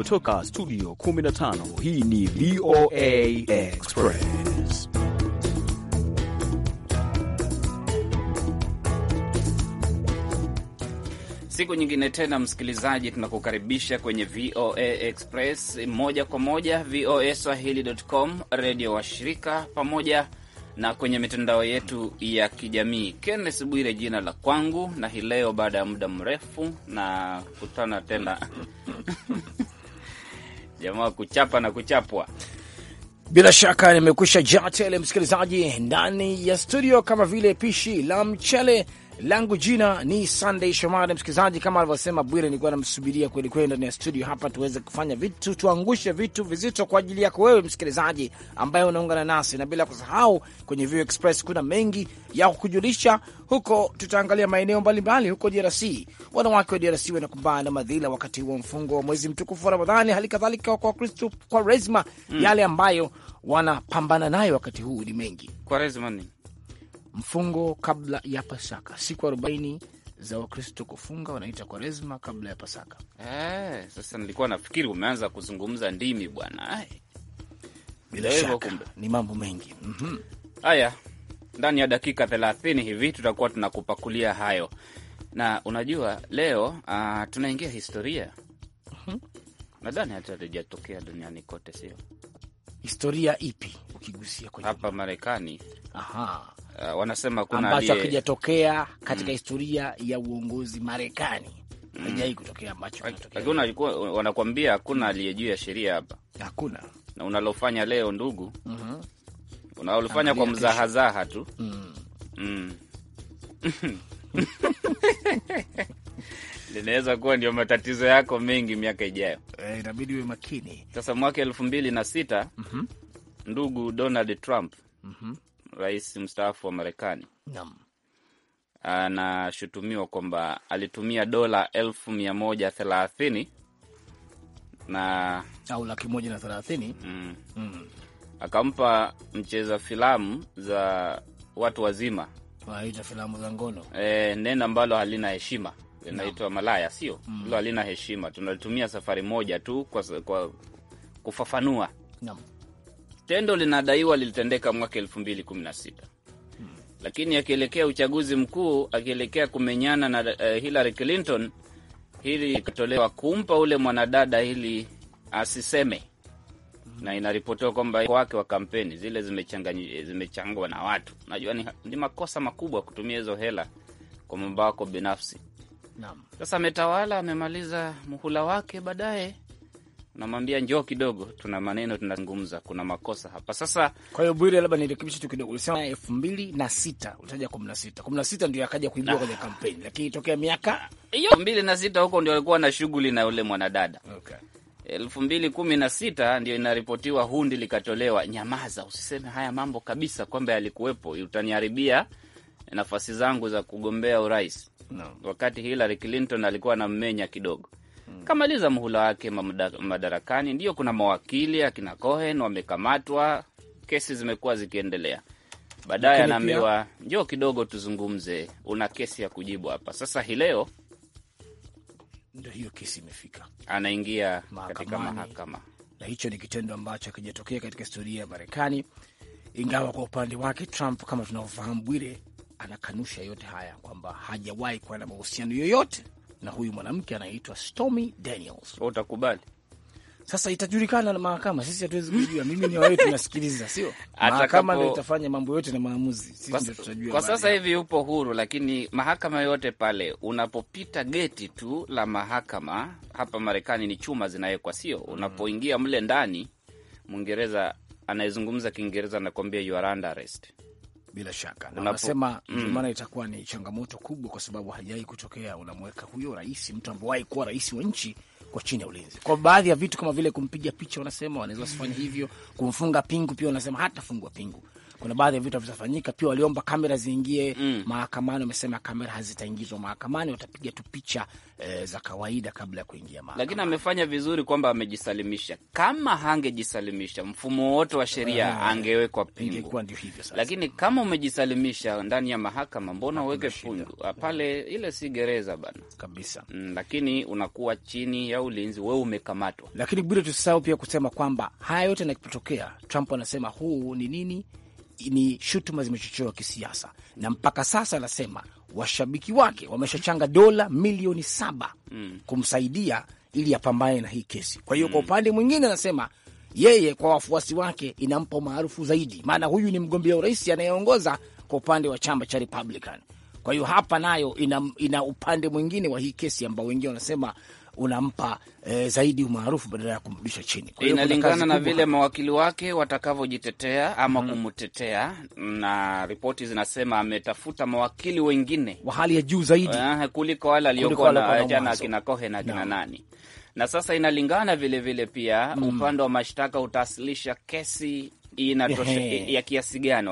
Kutoka studio 15 hii ni VOA Express. Siku nyingine tena, msikilizaji, tunakukaribisha kwenye VOA Express moja kwa moja, VOA Swahili.com, redio wa shirika pamoja na kwenye mitandao yetu ya kijamii. Kennes Bwire jina la kwangu, na hii leo baada ya muda mrefu na kutana tena jamaa kuchapa na kuchapwa. Bila shaka nimekwisha jaa tele, msikilizaji, ndani ya studio kama vile pishi la mchele langu jina ni Sunday Shomari. Msikilizaji, kama alivyosema Bwire, nilikuwa namsubiria kweli kweli ndani ya studio hapa tuweze kufanya vitu, tuangushe vitu vizito kwa ajili yako wewe msikilizaji ambaye unaungana nasi, na bila kusahau kwenye View Express kuna mengi ya kukujulisha huko. Tutaangalia maeneo mbalimbali huko DRC, wanawake wa DRC wanakumbana na madhila wakati wa mfungo wa mwezi mtukufu wa Ramadhani, hali kadhalika kwa Kristo kwa rezma mm. yale ambayo wanapambana nayo wakati huu ni mengi kwa rezma ni mfungo kabla ya Pasaka, siku arobaini za Wakristo kufunga wanaita Kwaresma kabla ya Pasaka. Eh, sasa nilikuwa nafikiri umeanza kuzungumza ndimi bwana. Bila shaka ni mambo mengi mhm. haya. mm -hmm. Ndani ya dakika thelathini hivi tutakuwa tunakupakulia hayo, na unajua leo uh, tunaingia historia mm -hmm. nadhani hata haijatokea duniani kote, sio historia ipi ukigusia kwenye hapa Marekani. Aha uh, wanasema kuna ambacho hakijatokea katika mm. historia ya uongozi Marekani mm. haijai mm. kutokea ambacho lakini wanakuambia hakuna aliye juu ya sheria hapa, hakuna na unalofanya leo ndugu, mm -hmm. unalofanya kwa mzahazaha tu mm. mm. linaweza kuwa ndio matatizo yako mengi miaka ijayo. Eh, inabidi uwe makini. Sasa mwaka elfu mbili na sita mm -hmm. ndugu Donald Trump mm -hmm rais mstaafu wa Marekani. Naam, anashutumiwa kwamba alitumia dola elfu mia moja thelathini na au laki moja na thelathini mm. mm. akampa mcheza filamu za watu wazima wanaita filamu za ngono e, neno ambalo halina heshima no. malaya, sio mm. hilo mm. halina heshima. Tunalitumia safari moja tu kwa, kwa kufafanua no. Tendo linadaiwa lilitendeka mwaka elfu mbili kumi na sita lakini akielekea uchaguzi mkuu, akielekea kumenyana na uh, Hillary Clinton, hili ikatolewa kumpa ule mwanadada ili asiseme, na inaripotiwa kwamba wake wa kampeni zile zimechangwa na watu. Najua ni, ni makosa makubwa kutumia hizo hela kwa mambo yako binafsi. Sasa ametawala amemaliza muhula wake, baadaye namwambia njoo kidogo, tuna maneno tunazungumza, kuna makosa hapa. Sasa kwa hiyo Bwire, labda nirekebishe tu kidogo, ulisema elfu mbili na sita ulitaja kumi na sita kumi na sita ndio akaja kuibua ah. kwenye kampeni, lakini tokea miaka hiyo elfu mbili na sita huko ndio alikuwa na shughuli na yule mwanadada okay. elfu mbili kumi na sita ndio inaripotiwa hundi likatolewa, nyamaza, usiseme haya mambo kabisa, kwamba yalikuwepo, utaniharibia nafasi zangu za kugombea urais no. Wakati Hillary Clinton alikuwa na mmenya kidogo kamaliza muhula wake madarakani. Ndio kuna mawakili akina Cohen wamekamatwa, kesi zimekuwa zikiendelea. Baadaye anaambiwa njoo kidogo tuzungumze, una kesi ya kujibu hapa. Sasa hii leo ndio hiyo kesi imefika, anaingia katika mahakama, na hicho ni kitendo ambacho hakijatokea katika historia ya Marekani, ingawa kwa upande wake Trump kama tunavyofahamu Bwire anakanusha yote haya kwamba hajawahi kuwa na mahusiano yoyote na huyu mwanamke anaitwa Stormy Daniels. Utakubali? Sasa itajulikana na mahakama, sisi hatuwezi kujua. Mimi ni wawe tunasikiliza, sio mahakama ndio itafanya mambo yote na maamuzi, sisi ndio tutajua. Kwa sasa hivi upo huru, lakini mahakama yote pale, unapopita geti tu la mahakama hapa Marekani ni chuma zinawekwa, sio mm. unapoingia mle ndani. Mwingereza anayezungumza Kiingereza anakuambia you are under arrest bila shaka na unasema mm. maana mm, itakuwa ni changamoto kubwa, kwa sababu haijawahi kutokea. Unamweka huyo rais, mtu ambaye kuwa rais wa nchi kwa chini ya ulinzi, kwa baadhi ya vitu kama vile kumpiga picha, wanasema wanaweza wasifanye hivyo. Kumfunga pingu pia wanasema hatafungwa pingu, kuna baadhi ya vitu havitafanyika. Pia waliomba kamera ziingie mm. mahakamani, wamesema kamera hazitaingizwa mahakamani, watapiga tu picha e, za kawaida kabla ya kuingia mahakamani. Lakini amefanya vizuri kwamba amejisalimisha. Kama hangejisalimisha, mfumo wote wa sheria eh, angewekwa pingu, lakini kama umejisalimisha ndani ya mahakama, mbona uweke pingu ah, pale? Mm. Ile si gereza bana kabisa mm, lakini unakuwa chini ya ulinzi, wewe umekamatwa. Lakini bado tusahau pia kusema kwamba haya yote yanapotokea, Trump anasema huu ni nini ni shutuma zimechochewa kisiasa, na mpaka sasa anasema washabiki wake wameshachanga dola milioni saba mm. kumsaidia ili apambane na hii kesi. Kwa hiyo mm. kwa upande mwingine anasema yeye kwa wafuasi wake inampa umaarufu zaidi, maana huyu ni mgombea urais anayeongoza kwa upande wa chama cha Republican. Kwa hiyo hapa nayo ina, ina upande mwingine wa hii kesi ambao wengine wanasema unampa e, zaidi umaarufu badala ya kumrudisha chini. Inalingana na vile mawakili wake watakavyojitetea ama mm, kumtetea na ripoti zinasema ametafuta mawakili wengine wa hali ya juu zaidi eh, kuliko wale aliyoko na jana akina Kohe na akina nani na sasa inalingana vilevile vile pia mm. upande wa mashtaka utawasilisha kesi inatosha ya kiasi gani,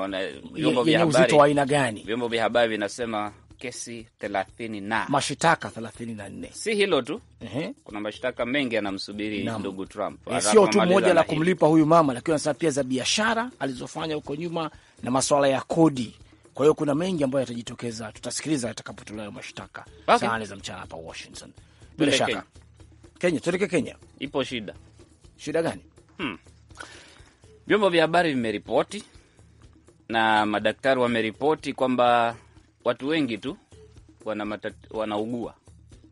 vyombo vya habari vinasema kesi thelathini na mashitaka thelathini na nne. Si hilo tu uh -huh. Kuna mashitaka mengi yanamsubiri ndugu Trump, eh, sio tu moja la kumlipa huyu mama, lakini anasema pia za biashara alizofanya huko nyuma na masuala ya kodi. Kwa hiyo kuna mengi ambayo yatajitokeza, tutasikiliza hayo mashtaka okay. Saa za mchana hapa Washington bila shaka Kenya. Kenya, tuelekee Kenya. Ipo shida. Shida gani? Hmm. vyombo hmm. vya habari vimeripoti na madaktari wameripoti kwamba watu wengi tu wana matat, wanaugua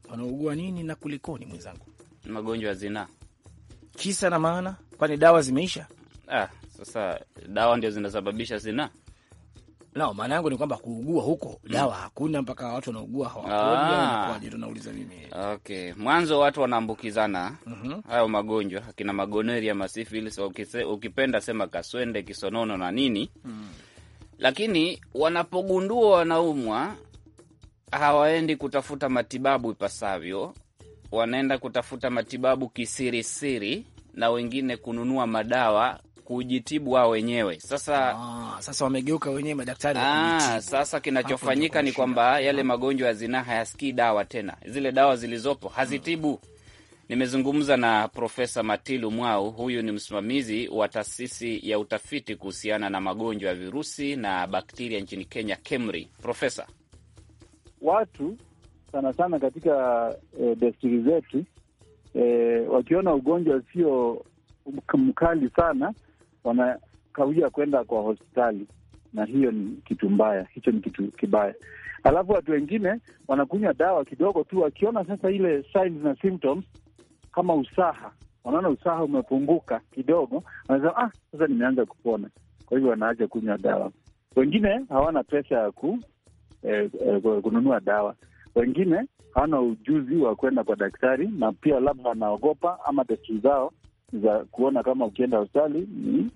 wanaugua nini na kulikoni, mwenzangu? Magonjwa ya zinaa, kisa na maana, kwani dawa zimeisha? Ah, sasa dawa ndio zinasababisha zinaa? No, maana yangu ni kwamba kuugua huko mm. dawa hakuna mpaka watu wanaugua hawaponi. Ah. Tunauliza mimi, okay, mwanzo watu wanaambukizana mm -hmm. hayo magonjwa akina magoneria masifilis, ukipenda sema kaswende, kisonono na nini mm lakini wanapogundua wanaumwa hawaendi kutafuta matibabu ipasavyo, wanaenda kutafuta matibabu kisirisiri na wengine kununua madawa kujitibu wao wenyewe. Sasa aa, ah, sasa wamegeuka wenyewe madaktari ah, sasa kinachofanyika ni kwamba yale ah. magonjwa ya zinaa hayasikii dawa tena, zile dawa zilizopo hazitibu hmm. Nimezungumza na Profesa Matilu Mwau, huyu ni msimamizi wa taasisi ya utafiti kuhusiana na magonjwa ya virusi na bakteria nchini Kenya, KEMRI. Profesa, watu sana sana katika e, desturi zetu e, wakiona ugonjwa sio mkali sana wanakawia kwenda kwa hospitali, na hiyo ni kitu mbaya, hicho ni kitu kibaya. Alafu watu wengine wanakunywa dawa kidogo tu, wakiona sasa ile signs na symptoms kama usaha, wanaona usaha umepunguka kidogo, wanasema ah, sasa nimeanza kupona, kwa hivyo wanaacha kunywa dawa. Wengine hawana pesa ya ku, eh, eh, kununua dawa. Wengine hawana ujuzi wa kwenda kwa daktari, na pia labda wanaogopa ama desturi zao za kuona kama ukienda hospitali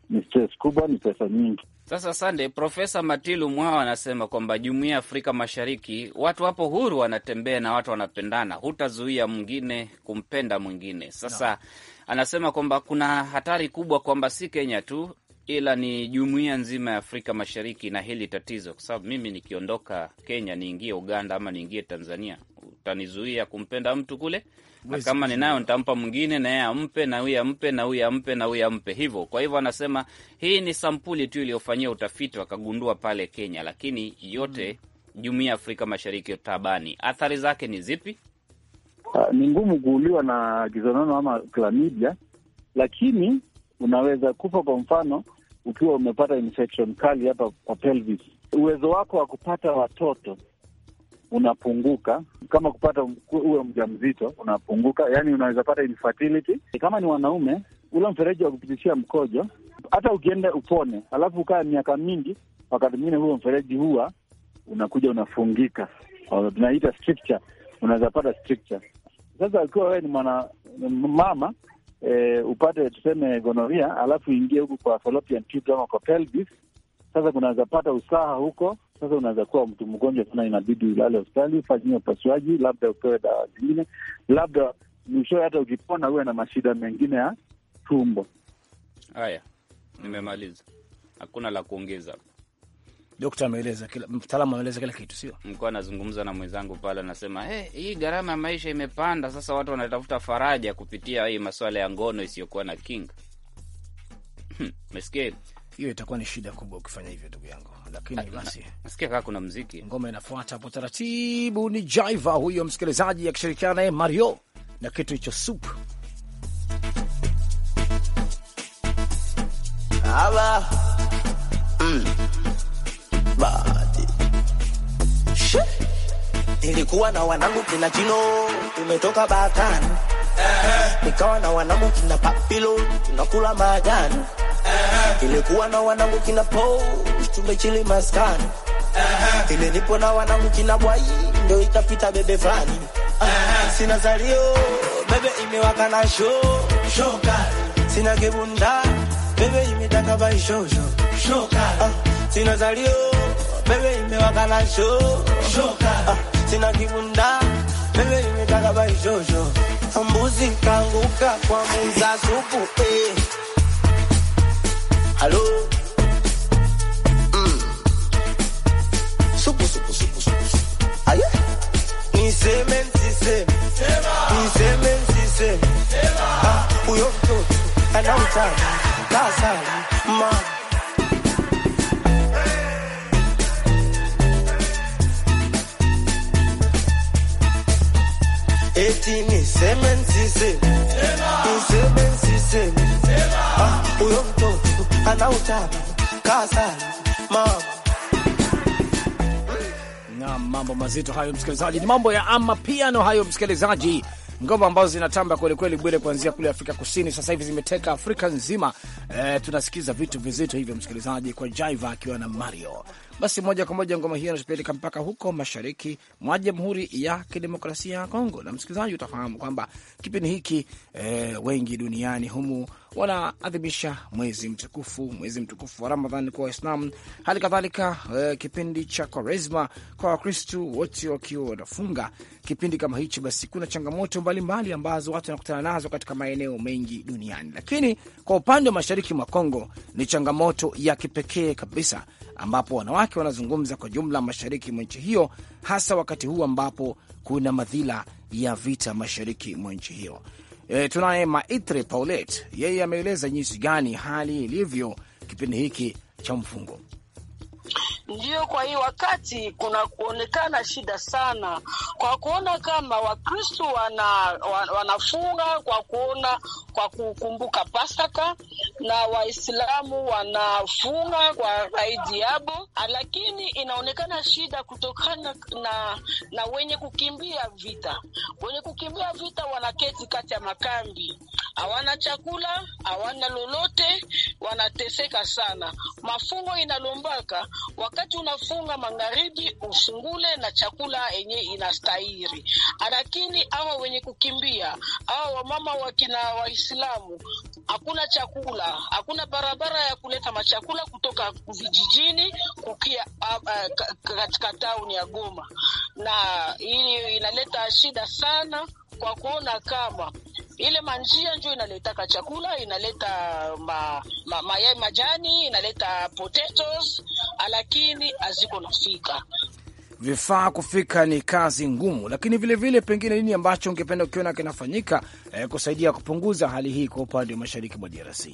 ni, stress kubwa, ni pesa nyingi. Sasa sande, Profesa Matilu Mwao anasema kwamba jumuiya ya Afrika Mashariki watu wapo huru, wanatembea na watu wanapendana, hutazuia mwingine kumpenda mwingine. Sasa no. anasema kwamba kuna hatari kubwa kwamba si Kenya tu ila ni jumuiya nzima ya Afrika Mashariki na hili tatizo, kwa sababu mimi nikiondoka Kenya niingie Uganda ama niingie Tanzania utanizuia kumpenda mtu kule, na kama ninayo nitampa mwingine, na yeye ampe, na huyu ampe, na huyu ampe, na huyu ampe, hivyo. Kwa hivyo anasema hii ni sampuli tu iliyofanyia utafiti, wakagundua pale Kenya, lakini yote jumuia mm. jumuiya ya Afrika Mashariki tabani. Athari zake ni zipi? Uh, ni ngumu kuuliwa na kizonono ama klamidia, lakini unaweza kufa, kwa mfano ukiwa umepata infection kali hapa kwa pelvis. Uwezo wako wa kupata watoto unapunguka, kama kupata uwe mzito unapunguka, yani unaweza pata infertility. Kama ni wanaume, ule mfereji wa kupitishia mkojo, hata ukienda upone, alafu ukaa miaka mingi, wakati mwingine huo mfereji huwa unakuja unafungika, tunaita stricture, unaweza pata stricture. Sasa ukiwa wewe ni mwana mama e, upate tuseme gonoria, alafu ingie huku kwa fallopian tube ama kwa pelvis sasa kunaweza pata usaha huko. Sasa unaweza kuwa mtu mgonjwa sana, inabidi ulale hospitali ufanyie upasuaji, labda upewe dawa zingine, labda mwishowe hata ukipona huwe na mashida mengine ya tumbo. Haya, nimemaliza, hakuna la kuongeza. Dokta ameeleza kila, mtaalamu ameeleza kila kitu, sio? Mkuwa anazungumza na mwenzangu pale, anasema hey, eh, hii gharama ya maisha imepanda. Sasa watu wanatafuta faraja kupitia hii masuala ya ngono isiyokuwa na kinga. Hmm, Mesikia hiyo itakuwa ni shida kubwa ukifanya hivyo, ndugu yangu. Lakini basi, nasikia kaa kuna mziki, ngoma inafuata hapo taratibu. Ni Jaiva huyo msikilizaji, akishirikiana naye Mario na kitu hicho sup mm. Nilikuwa na wanangu kina Jino, tumetoka batani, nikawa na wanangu kina Papilo, tunakula majani Ilikuwa na wanangu kina po tumechili maskani ile nipo na wanangu kina bwai ndio ikapita bebe fani sina zalio bebe imewaka na sho shoka sina kibunda bebe imetaka bai sho sho shoka ah, sina zalio bebe imewaka na sho shoka ah, sina kibunda bebe imetaka bai sho sho mbuzi kanguka kwa muza supu eh Allô mm. Supu, supu, supu, supu. Aye Niseme, niseme Niseme, niseme Ah, uyo mtoto Anautani, kasani, ni ethi nisebenzise nisebenzise ah uyom ana mama na mambo mazito hayo, msikilizaji. Ni mambo ya piano hayo, msikilizaji, ngoma ambazo zinatamba kwelikweli bwile kuanzia kule Afrika Kusini, sasa hivi zimeteka Afrika nzima. E, tunasikiza vitu vizito hivyo, msikilizaji, kwa Jaiva akiwa na Mario basi moja kwa moja ngoma hiyo inatupeleka mpaka huko mashariki mwa Jamhuri ya Kidemokrasia ya Kongo, na msikilizaji, utafahamu kwamba kipindi hiki e, wengi duniani humu wanaadhimisha mwezi mtukufu, mwezi mtukufu wa Ramadhan kwa Waislamu, hali kadhalika e, kipindi cha Kwaresma kwa Wakristu wote wakiwa wanafunga kipindi kama hichi. Basi kuna changamoto mbalimbali mbali ambazo watu wanakutana nazo katika maeneo mengi duniani, lakini kwa upande wa mashariki mwa Kongo ni changamoto ya kipekee kabisa ambapo wanawake wanazungumza kwa jumla mashariki mwa nchi hiyo, hasa wakati huu ambapo kuna madhila ya vita mashariki mwa nchi hiyo. E, tunaye Maitre Paulet, yeye ameeleza jinsi gani hali ilivyo kipindi hiki cha mfungo. Ndiyo, kwa hii wakati kuna kuonekana shida sana kwa kuona kama Wakristo wana, wanafunga kwa kuona kwa kukumbuka Pasaka na Waislamu wanafunga kwa zaidi yabo, lakini inaonekana shida kutokana na, na wenye kukimbia vita. Wenye kukimbia vita wanaketi kati ya makambi, hawana chakula, hawana lolote, wanateseka sana. Mafungo inalombaka wakati wakati unafunga magharibi usungule na chakula yenye inastahiri. Lakini awa wenye kukimbia awa wamama wakina Waislamu, hakuna chakula, hakuna barabara ya kuleta machakula kutoka vijijini kukia katika tauni ya Goma, na hii inaleta shida sana kwa kuona kama ile manjia njo inaletaka chakula, inaleta ma, ma, mayai majani, inaleta potatoes, lakini haziko nafika vifaa kufika ni kazi ngumu, lakini vilevile vile, pengine nini ambacho ungependa ukiona kinafanyika eh, kusaidia kupunguza hali hii kwa upande wa mashariki mwa DRC?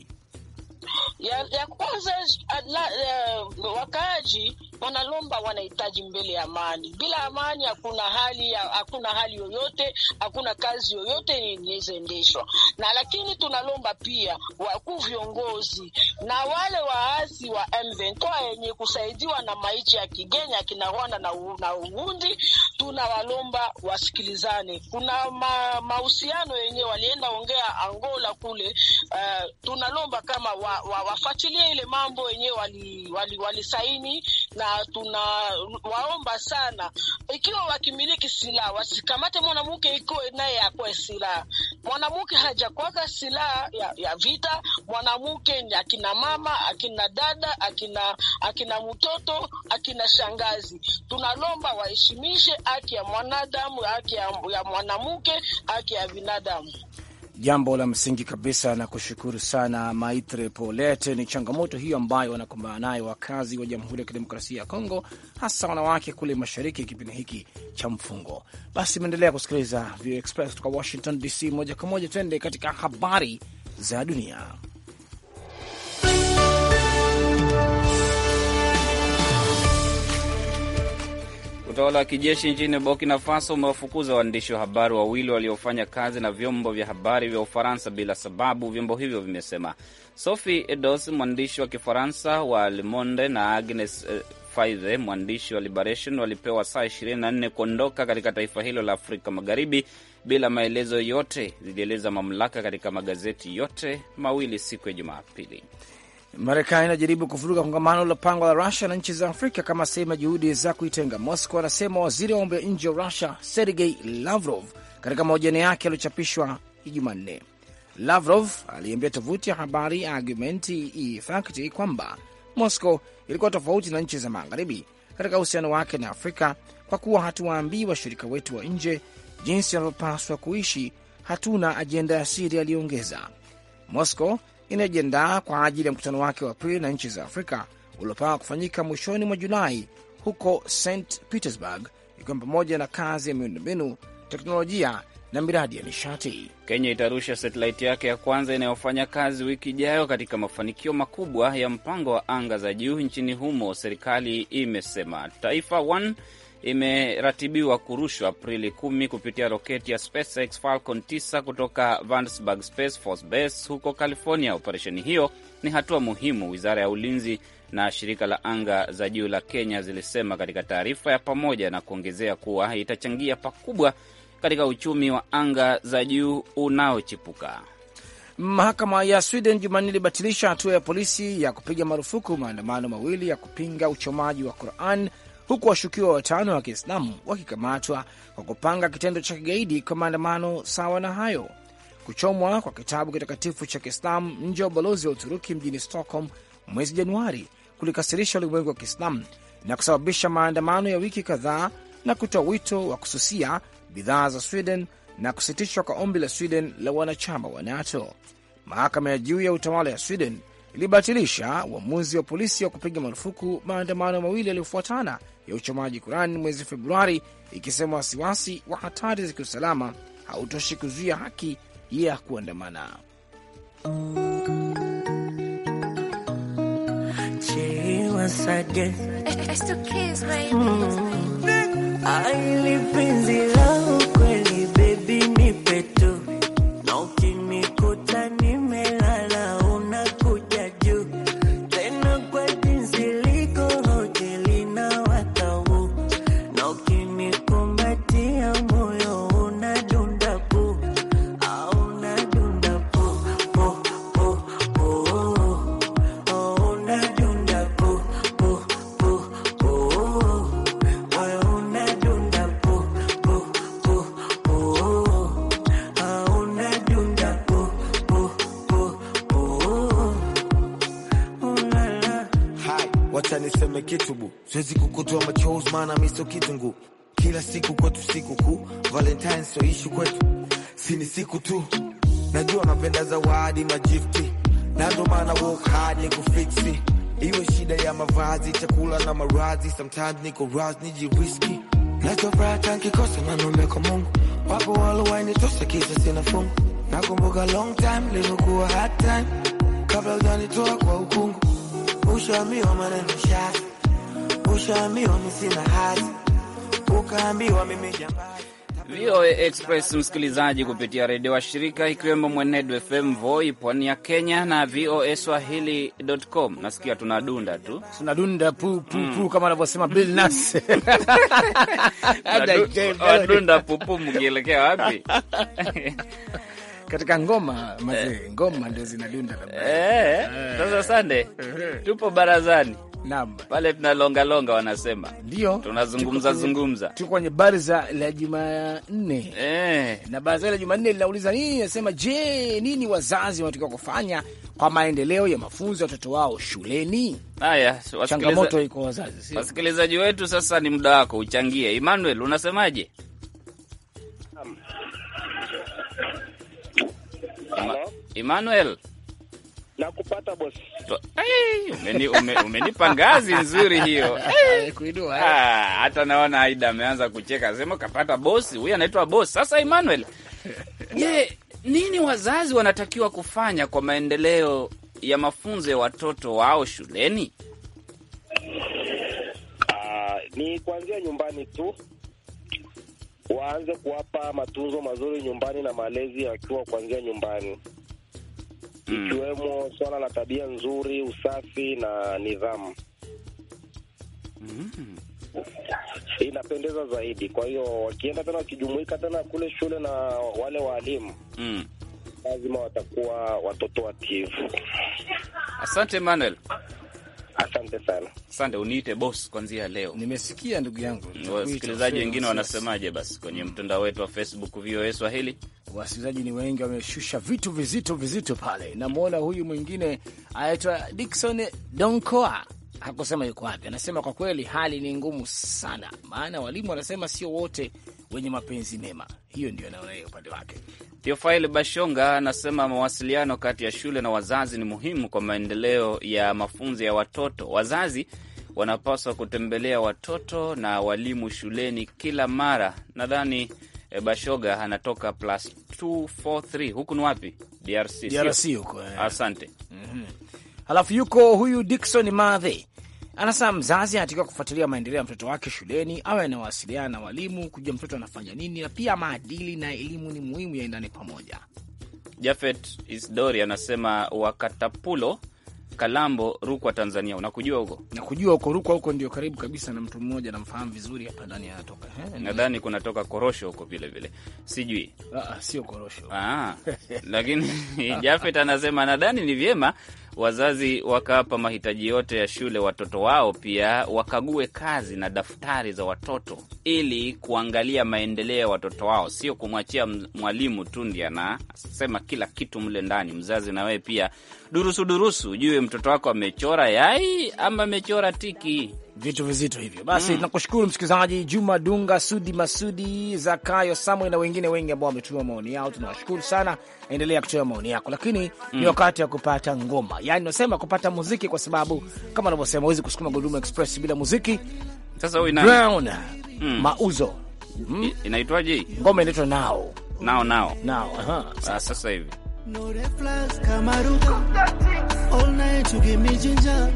ya, ya kwanza adla, eh, ya, eh, wakaaji wanalomba wanahitaji mbele ya amani. Bila amani hakuna hali hakuna hali yoyote, hakuna kazi yoyote inawezaendeshwa. Na lakini tunalomba pia wakuu viongozi na wale waasi wa M23 yenye kusaidiwa na maichi ya kigeni akina Rwanda na, na Urundi, tunawalomba wasikilizane. Kuna ma, mahusiano yenye walienda ongea Angola kule, uh, tunalomba kama wa, wa wafuatilie ile mambo wenyewe walisaini wali, wali na tuna waomba sana, ikiwa wakimiliki silaha wasikamate mwanamke iko naye akwe silaha. Mwanamke hajakwaga silaha ya, ya vita. Mwanamke ni akina mama, akina dada, akina akina mtoto, akina shangazi. Tunalomba waheshimishe haki ya mwanadamu, haki ya, ya mwanamke, haki ya binadamu jambo la msingi kabisa na kushukuru sana Maitre Polet. Ni changamoto hiyo ambayo wanakumbana nayo wakazi wa Jamhuri ya Kidemokrasia ya Kongo, hasa wanawake kule mashariki, kipindi hiki cha mfungo. Basi imeendelea kusikiliza VOA Express kutoka Washington DC. Moja kwa moja tuende katika habari za dunia. Utawala wa kijeshi nchini Burkina Faso umewafukuza waandishi wa habari wawili waliofanya kazi na vyombo vya habari vya Ufaransa bila sababu, vyombo hivyo vimesema. Sophie Edos, mwandishi wa Kifaransa wa Le Monde, na Agnes eh, Faive, mwandishi wa Liberation, walipewa saa 24 kuondoka katika taifa hilo la Afrika Magharibi bila maelezo yote, zilieleza mamlaka katika magazeti yote mawili siku ya Jumapili. Marekani inajaribu kuvuruga kongamano la pango la Rusia na nchi za Afrika kama sehemu ya juhudi za kuitenga Moscow, anasema waziri wa mambo ya nje wa Rusia Sergei Lavrov katika mahojiano yake yaliyochapishwa Jumanne. Lavrov aliambia tovuti ya habari ya Argumenti Ifakti kwamba Moscow ilikuwa tofauti na nchi za magharibi katika uhusiano wake na Afrika kwa kuwa hatuwaambii washirika wetu wa nje jinsi wanavyopaswa kuishi, hatuna ajenda ya siri, aliyoongeza. Moscow inayojiandaa kwa ajili ya mkutano wake wa pili na nchi za Afrika uliopangwa kufanyika mwishoni mwa Julai huko St Petersburg, ikiwa pamoja na kazi ya miundombinu, teknolojia na miradi ya nishati. Kenya itarusha satelaiti yake ya kwanza inayofanya kazi wiki ijayo katika mafanikio makubwa ya mpango wa anga za juu nchini humo, serikali imesema. Taifa One imeratibiwa kurushwa Aprili 1 kupitia roketi ya SpaceX Falcon 9 kutoka Vandenberg Space Force Base huko California. Operesheni hiyo ni hatua muhimu, wizara ya ulinzi na shirika la anga za juu la Kenya zilisema katika taarifa ya pamoja, na kuongezea kuwa itachangia pakubwa katika uchumi wa anga za juu unaochipuka. Mahakama ya Sweden Jumanne ilibatilisha hatua ya polisi ya kupiga marufuku maandamano mawili ya kupinga uchomaji wa Quran huku washukiwa watano wa Kiislamu wakikamatwa kwa kupanga kitendo cha kigaidi kwa maandamano sawa na hayo. Kuchomwa kwa kitabu kitakatifu cha Kiislamu nje ya ubalozi wa Uturuki mjini Stockholm mwezi Januari kulikasirisha ulimwengu wa Kiislamu na kusababisha maandamano ya wiki kadhaa na kutoa wito wa kususia bidhaa za Sweden na kusitishwa kwa ombi la Sweden la wanachama wa NATO. Mahakama ya juu ya utawala ya Sweden ilibatilisha uamuzi wa polisi wa kupiga marufuku maandamano mawili yaliyofuatana ya uchomaji quran mwezi Februari, ikisema wasiwasi wa hatari za kiusalama hautoshi kuzuia haki ya kuandamana. maana mi miso kitungu kila siku kwetu siku kuu Valentine, sio ishu kwetu si ni siku tu. Najua napenda zawadi majifti, na ndo maana work hard ni kufiksi, iwe shida ya mavazi, chakula na maradhi. Sometimes niko niji razni jiriski nachofuraha nkikosa nanombe kwa Mungu. Wapo walo waini tosa kisa sina fungu, nakumbuka long time limekuwa hard time kabla ujanitoa kwa ukungu, ushaamiwa maneno shasi VOA Express msikilizaji, kupitia redio wa shirika ikiwemo Mwenedu FM Voi pwani ya Kenya na VOA Swahili.com. Nasikia tunadunda tu, tunadunda pu, pu, mm. kama anavyosema mm. Bill Nas wadunda pupu, mkielekea wapi? katika ngoma eh. mazee, ngoma ndio zinadunda. Eh, eh. Sasa sande, tupo barazani Naam. Pale tunalonga longa wanasema. Ndio. Tunazungumza zungumza. Tuko kwenye baraza la Jumanne. Eh. Na baraza la Jumanne linauliza nini? Nasema je, nini wazazi wanatakiwa kufanya kwa maendeleo ya mafunzo ya watoto wao shuleni? Haya, changamoto iko wazazi, sio? Wasikilizaji wetu, sasa ni muda wako uchangie. Emmanuel, unasemaje? Naam na kupata bosi. Umenipa ngazi nzuri hiyo. Eh. Ah, hata naona Aida ameanza kucheka, sema kapata bosi, huyu anaitwa bosi. Sasa Emmanuel, je, nini wazazi wanatakiwa kufanya kwa maendeleo ya mafunzo ya watoto wao shuleni? Ah, ni kuanzia nyumbani tu, waanze kuwapa matunzo mazuri nyumbani na malezi yakiwa kuanzia nyumbani ikiwemo mm. swala la tabia nzuri, usafi na nidhamu mm. inapendeza zaidi. Kwa hiyo wakienda tena wakijumuika tena kule shule na wale waalimu mm. lazima watakuwa watoto wativu. Asante Manuel. Asante sana. Asante, uniite bos kwanzia leo. Nimesikia ndugu yangu. Wasikilizaji wengine wanasemaje? Basi kwenye mtandao wetu wa Facebook VOA Swahili, wasikilizaji ni wengi, wameshusha vitu vizito vizito pale. Namwona huyu mwingine anaitwa dikson Donkoa, hakusema yuko wapi. Anasema kwa kweli hali ni ngumu sana, maana walimu wanasema sio wote wenye mapenzi mema. Hiyo ndio anaona yeye upande wake. Theophile Bashonga anasema mawasiliano kati ya shule na wazazi ni muhimu kwa maendeleo ya mafunzo ya watoto. Wazazi wanapaswa kutembelea watoto na walimu shuleni kila mara. Nadhani eh, Bashoga anatoka plus 243 huku ni wapi? DRC, DRC huko, eh. Asante. mm -hmm. Alafu yuko huyu Dikson Mathe Anasema mzazi anatakiwa kufuatilia maendeleo ya mtoto wake shuleni, awe anawasiliana na walimu kujua mtoto anafanya nini, na pia maadili na elimu ni muhimu yaendane pamoja. Jafet Isdori anasema Wakatapulo, Kalambo, Rukwa, Tanzania. Unakujua huko? Nakujua huko Rukwa, huko ndio karibu kabisa na mtu mmoja namfahamu vizuri hapa ndani, anatoka nadhani kunatoka korosho huko vilevile, sijui ah, ah, sio korosho. Ah, lakini Jafet anasema nadhani ni vyema wazazi wakawapa mahitaji yote ya shule watoto wao, pia wakague kazi na daftari za watoto ili kuangalia maendeleo ya watoto wao, sio kumwachia mwalimu tu ndiye anasema kila kitu mle ndani. Mzazi na wewe pia durusu durusu, ujue mtoto wako amechora yai ama amechora tiki vitu vizito hivyo basi. Mm, nakushukuru msikilizaji Juma Dunga, Sudi Masudi, Zakayo Samwe na wengine wengi ambao wametuma maoni yao, tunawashukuru sana. Endelea kutoa maoni yako, lakini mm, ni wakati wa kupata ngoma, yaani nasema kupata muziki, kwa sababu kama anavyosema huwezi kusukuma Gurudumu Express bila muziki. Sasa huyu nani? Brown mm, mauzo mm, inaitwaje ngoma? Inaitwa nao nao nao nao. Aha, sasa sasa hivi no all night give me ginger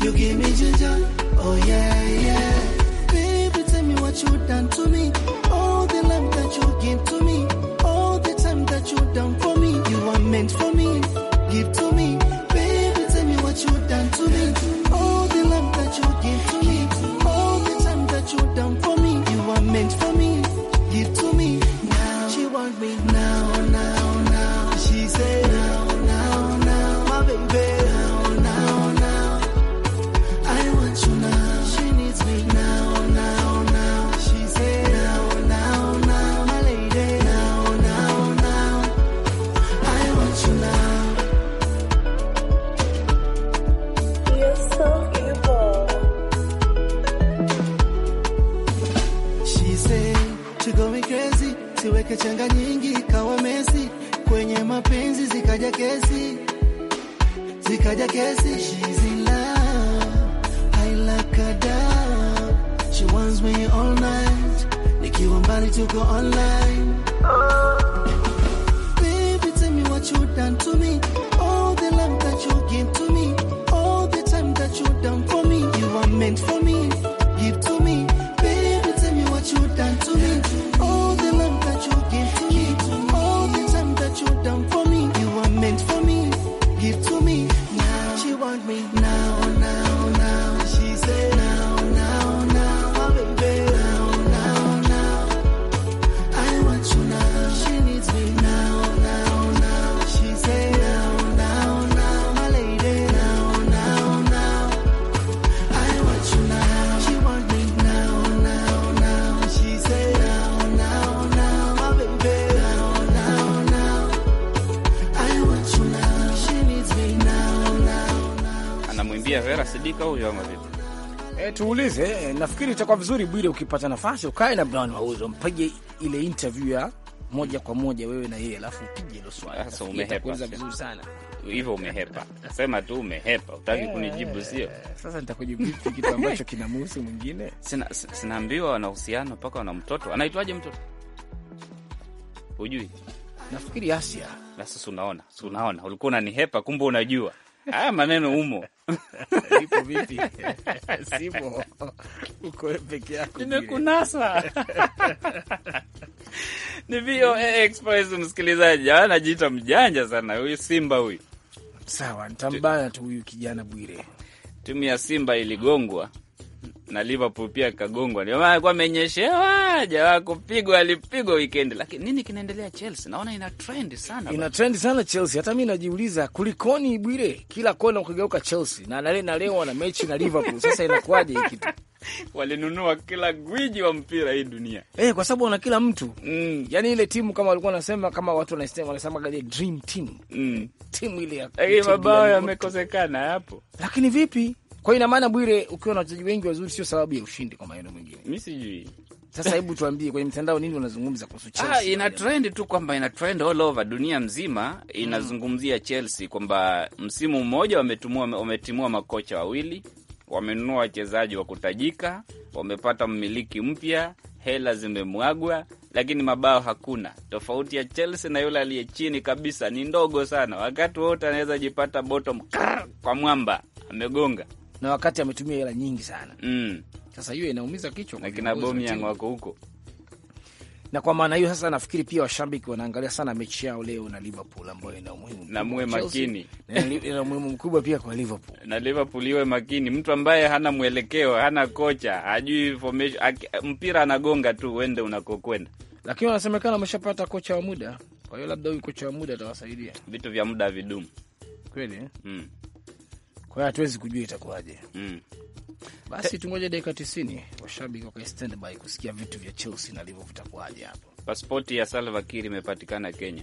You give me ginger, oh yeah, yeah. Baby, tell me what you done to me. All the love that you give to me. All the time that you done for me. You are meant for me. crazy. Zikaja kesi, she's in love. I like her down. She wants me all night. Nikiwa mbali tuko online. Oh, Baby, tell me what you done to me. All the love that you give to me. All the time that you done for me. You are meant for me. Sidika huyo ama vipi? E, tuulize. Eh, nafikiri itakuwa vizuri Bwire, ukipata nafasi ukae na Brown Mauzo, mpige ile interview ya moja kwa moja wewe na yeye, alafu upige hilo swali. Sasa umehepa vizuri sana hivyo, umehepa sema tu umehepa, utaki eh, kunijibu sio? Sasa nitakujibu vipi kitu ambacho kinamhusu mwingine? Sina sinaambiwa wana uhusiano mpaka wana mtoto. Anaitwaje mtoto? Hujui? Nafikiri Asia. Na sasa unaona, unaona ulikuwa unanihepa, kumbe unajua Haya maneno umo ipo vipi? Sipo, uko peke yako, nimekunasa ni VOA Express. Msikilizaji anajiita mjanja sana huyu Simba huyu. Sawa, nitambana tu huyu kijana Bwire. Timu ya Simba iligongwa na Liverpool pia kagongwa, ndio maana alikuwa amenyeshewa jawa kupigwa, alipigwa wikendi. Lakini nini kinaendelea Chelsea? Naona ina trend sana, ina trend sana Chelsea. Hata mi najiuliza kulikoni, Bwire, kila kona ukigeuka Chelsea na nale na leo wana mechi na Liverpool. Sasa inakuwaje hii kitu? Walinunua kila gwiji wa mpira hii dunia eh, kwa sababu wana kila mtu mm. Yani ile timu kama walikuwa wanasema kama watu wanasema ile dream team mm. timu ile ya mabao yamekosekana hapo, lakini vipi kwa hiyo ina maana Bwire, ukiwa na wachezaji wengi wazuri sio sababu ya ushindi. Kwa maneno mengine, mimi sijui sasa hebu tuambie kwenye mtandao nini wanazungumza kuhusu ah, Chelsea? Ah, ina trend tu kwamba ina trend all over dunia mzima inazungumzia mm. Chelsea kwamba msimu mmoja wametumua wametimua makocha wawili, wamenunua wachezaji wa kutajika, wamepata mmiliki mpya, hela zimemwagwa, lakini mabao hakuna. Tofauti ya Chelsea na yule aliye chini kabisa ni ndogo sana, wakati wote anaweza jipata bottom kwa mwamba amegonga na wakati ametumia hela nyingi sana mm. Sasa hiyo inaumiza kichwa kwa kina Bomiang wako huko, na kwa maana hiyo sasa nafikiri pia washabiki wanaangalia sana mechi yao leo na Liverpool ambayo ina umuhimu na muwe makini, ina umuhimu mkubwa pia kwa Liverpool na Liverpool iwe makini. Mtu ambaye hana mwelekeo, hana kocha, hajui formation, mpira anagonga tu uende unakokwenda, lakini wanasemekana wameshapata kocha wa muda. Kwa hiyo labda huyu kocha wa muda atawasaidia. Vitu vya muda vidumu kweli, eh? mm. Kwa hiyo hatuwezi kujua itakuwaje. Mm. Basi tungoje dakika tisini, washabiki wakae standby kusikia vitu vya Chelsea na livyo vitakuwaje hapo. Pasipoti ya Salva Kiir imepatikana Kenya.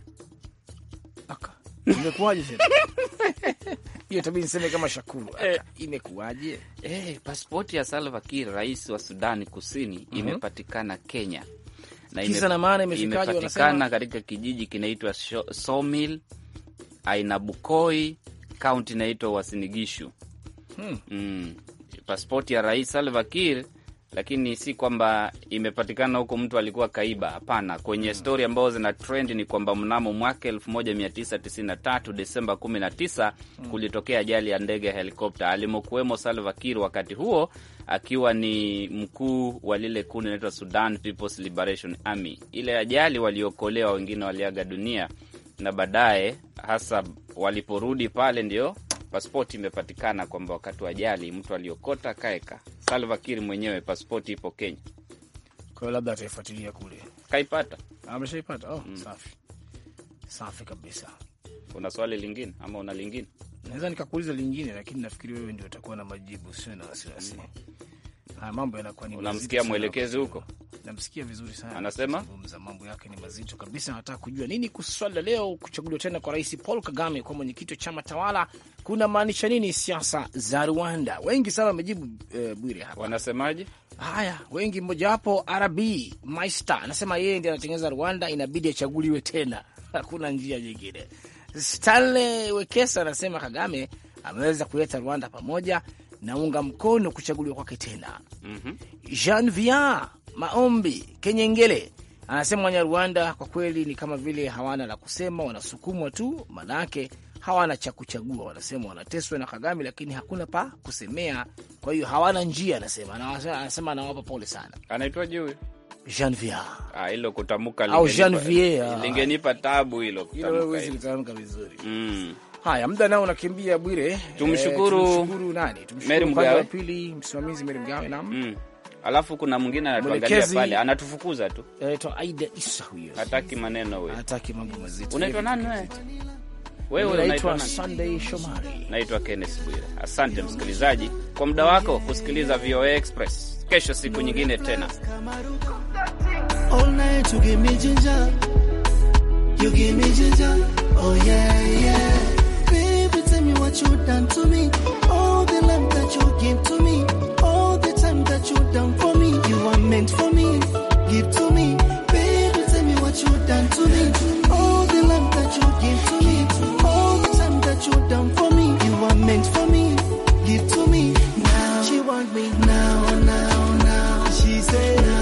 Aka. Imekuwaje sasa? Hiyo tabii niseme kama Shakuru. Eh, imekuwaje? Eh, pasipoti ya Salva Kiir rais wa Sudani Kusini mm -hmm. imepatikana Kenya. Na ime, kisa na maana imeshikaje? Imepatikana katika kijiji kinaitwa Somil aina Bukoi, kaunti inaitwa Wasinigishu. hmm. mm. Paspoti ya Rais Salva Kiir, lakini si kwamba imepatikana huko mtu alikuwa kaiba. Hapana, kwenye hmm. stori ambazo zina trend ni kwamba mnamo mwaka 1993 Desemba 19 hmm. kulitokea ajali ya ndege ya helikopta alimokuwemo Salva Kiir wakati huo akiwa ni mkuu wa lile kundi inaitwa Sudan People's Liberation Army. Ile ajali waliokolewa, wengine waliaga dunia na baadaye hasa waliporudi pale ndio paspoti imepatikana kwamba wakati wa ajali mtu aliokota kaeka. Salva Kiir mwenyewe paspoti ipo Kenya, kwa labda ataifuatilia kule. Kaipata, ah, ameshaipata. Oh, mm. Safi safi kabisa. Kuna swali lingine ama una lingine? Naweza nikakuuliza lingine, lakini nafikiri wewe ndio utakuwa na majibu, sio na wasiwasi mm. Haya mambo yanakuwa ni unamsikia mwelekezi huko, namsikia vizuri sana, anasema mambo yake ni mazito kabisa. Nataka kujua nini kuswala leo, kuchaguliwa tena kwa Rais Paul Kagame kwa mwenyekiti wa chama tawala kuna maanisha nini siasa za Rwanda? Wengi sana wamejibu e, Bwire hapa wanasemaje? Haya, wengi mmojawapo RB Meister anasema yeye ndiye anatengeneza Rwanda, inabidi achaguliwe tena, hakuna njia nyingine. Stanley Wekesa anasema Kagame ameweza kuleta Rwanda pamoja naunga mkono kuchaguliwa kwake tena. mm -hmm. Janvier Maombi Kenyengele anasema Wanyarwanda kwa kweli ni kama vile hawana la kusema, wanasukumwa tu, manake hawana cha kuchagua. Wanasema wanateswa na Kagame, lakini hakuna pa kusemea, kwa hiyo hawana njia. Anasema anasema, anawapa pole sana. Anaitwaje huyo? Ah, hilo kutamka, lingenipa tabu hilo, kutamka vizuri mm. Haya, muda nao unakimbia Bwire. Tumshukuru eh, nani? Tumshukuru mgawe pili, msimamizi Meri Mgawe nam mm. Alafu kuna mwingine anatuangalia pale, anatufukuza tu. Anaitwa Aida Isa huyo. Hataki maneno wewe. Hataki mambo mazito. Unaitwa nani wewe? Wewe unaitwa Sunday Shomari. Naitwa Kenneth Bwire. Asante msikilizaji kwa muda wako kusikiliza VOA Express. Kesho siku nyingine tena. You give me ginger. Oh yeah yeah. that you done to me, all the love that you give to me, all the time that you done for me, you are meant for me. Give to me, baby, tell me what you done to me, all the love that you give to me, all the time that you done for me, you are meant for me. Give to me now. She want me now, now, now. She said.